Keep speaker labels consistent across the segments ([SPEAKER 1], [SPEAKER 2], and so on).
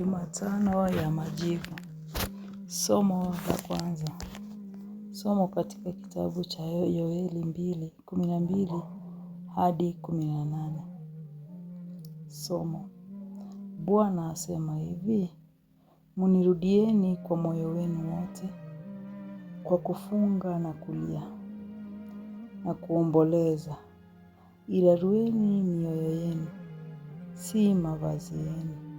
[SPEAKER 1] Jumatano ya majivu Somo la kwanza. Somo katika kitabu cha Yoeli mbili kumi na mbili hadi kumi na nane. Somo. Bwana asema hivi: Munirudieni kwa moyo wenu wote, kwa kufunga na kulia na kuomboleza, ila rueni mioyo yenu, si mavazi yenu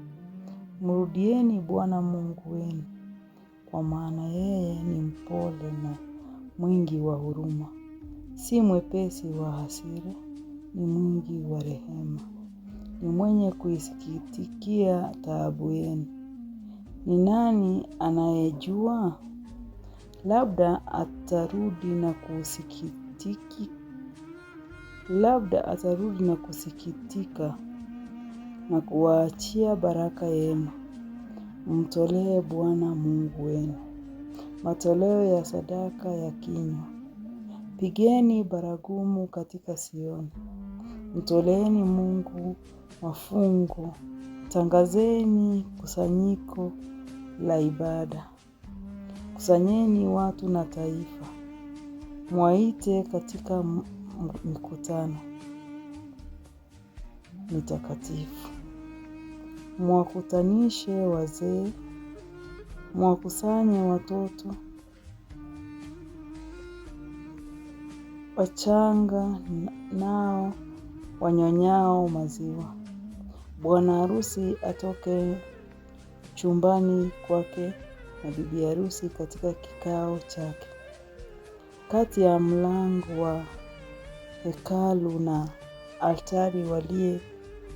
[SPEAKER 1] Mrudieni Bwana Mungu wenu, kwa maana yeye ni mpole na mwingi wa huruma, si mwepesi wa hasira, ni mwingi wa rehema, ni mwenye kuisikitikia taabu yenu. Ni nani anayejua? Labda atarudi na kusikitiki, labda atarudi na kusikitika na kuwaachia baraka yenu. Mtolee Bwana Mungu wenu matoleo ya sadaka ya kinywa. Pigeni baragumu katika Sioni, mtoleeni Mungu mafungo, tangazeni kusanyiko la ibada, kusanyeni watu na taifa, mwaite katika mikutano mitakatifu mwakutanishe wazee, mwakusanye watoto wachanga nao wanyonyao maziwa. Bwana harusi atoke chumbani kwake na bibi harusi katika kikao chake, kati ya mlango wa hekalu na altari walie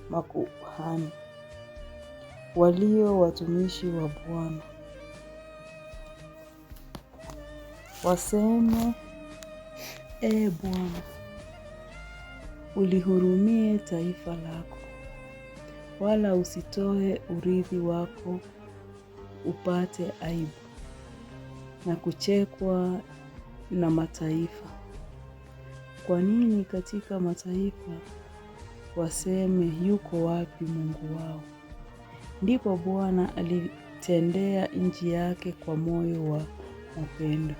[SPEAKER 1] makuhani walio watumishi wa Bwana, waseme e Bwana, ulihurumie taifa lako, wala usitoe urithi wako upate aibu na kuchekwa na mataifa. Kwa nini katika mataifa waseme yuko wapi Mungu wao? Ndipo Bwana alitendea nchi yake kwa moyo wa upendo,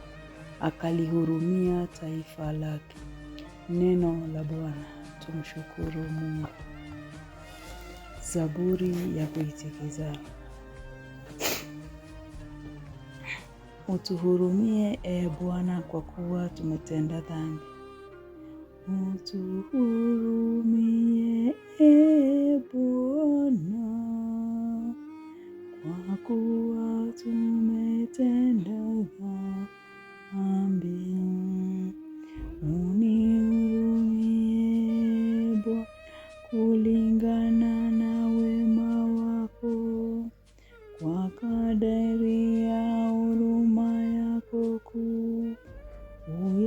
[SPEAKER 1] akalihurumia taifa lake. Neno la Bwana. Tumshukuru Mungu. Zaburi ya kuitikizana. Utuhurumie, e Bwana, kwa kuwa tumetenda dhambi.
[SPEAKER 2] Utuhurumie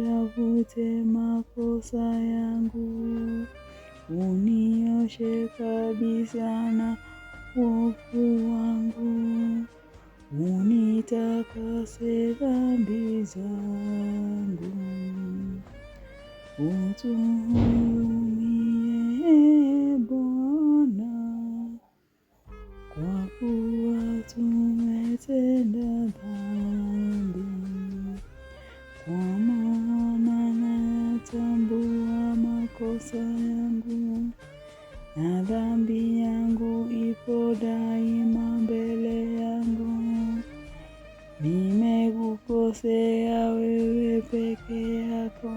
[SPEAKER 2] Uyavute makosa yangu, unioshe kabisa na uovu wangu, unitakase dhambi zangu. utuhuu Usinikosea wewe peke yako,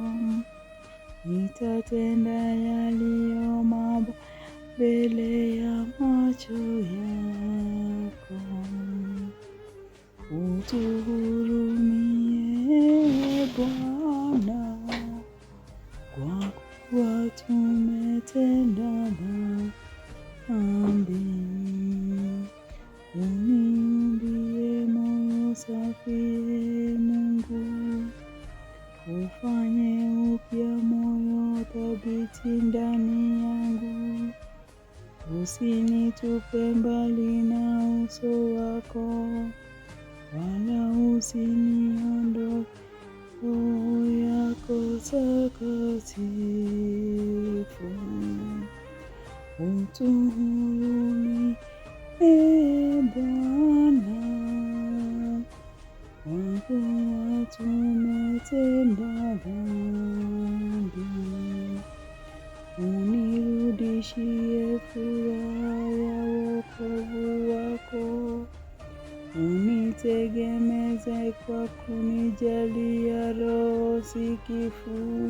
[SPEAKER 2] nitatenda yaliyo mabaya mbele ya macho yako. Utuhurumie Bwana, kwa kuwa tumetenda dhambi. Uniumbie moyo safi Usinitupe mbali na uso wako, wala usiniondoe roho yako takatifu. Utuhurumie, ee Bwana. Nishibishie furaha ya wokovu wako, unitegemeze kwa kunijalia roho sikifu.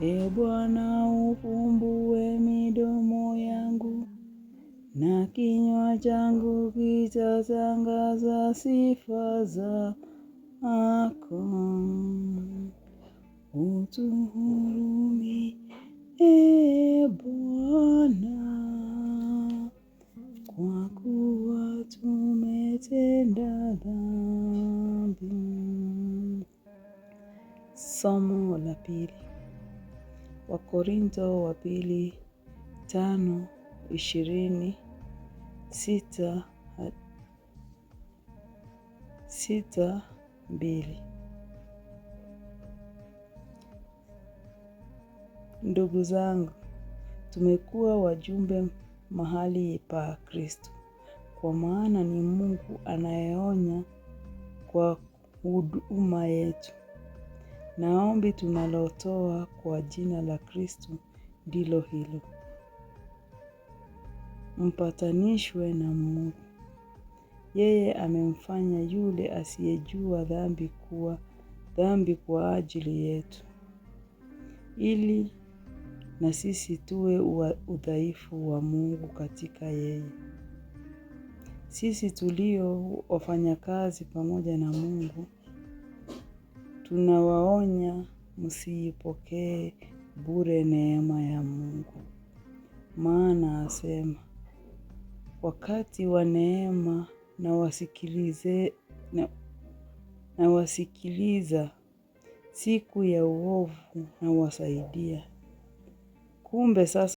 [SPEAKER 2] E Bwana, ufumbue midomo yangu na kinywa changu kitatangaza sifa zako. Utuhuru
[SPEAKER 1] Somo la pili wakorinto wa pili tano ishirini sita sita mbili. Ndugu zangu, tumekuwa wajumbe mahali pa Kristo, kwa maana ni Mungu anayeonya kwa huduma yetu na ombi tunalotoa kwa jina la Kristo ndilo hilo, mpatanishwe na Mungu. Yeye amemfanya yule asiyejua dhambi kuwa dhambi kwa ajili yetu, ili na sisi tuwe udhaifu wa Mungu katika yeye. Sisi tulio wafanyakazi pamoja na Mungu tunawaonya msiipokee bure neema ya Mungu, maana asema wakati wa neema na wasikilize na, na wasikiliza siku ya uovu na wasaidia. Kumbe sasa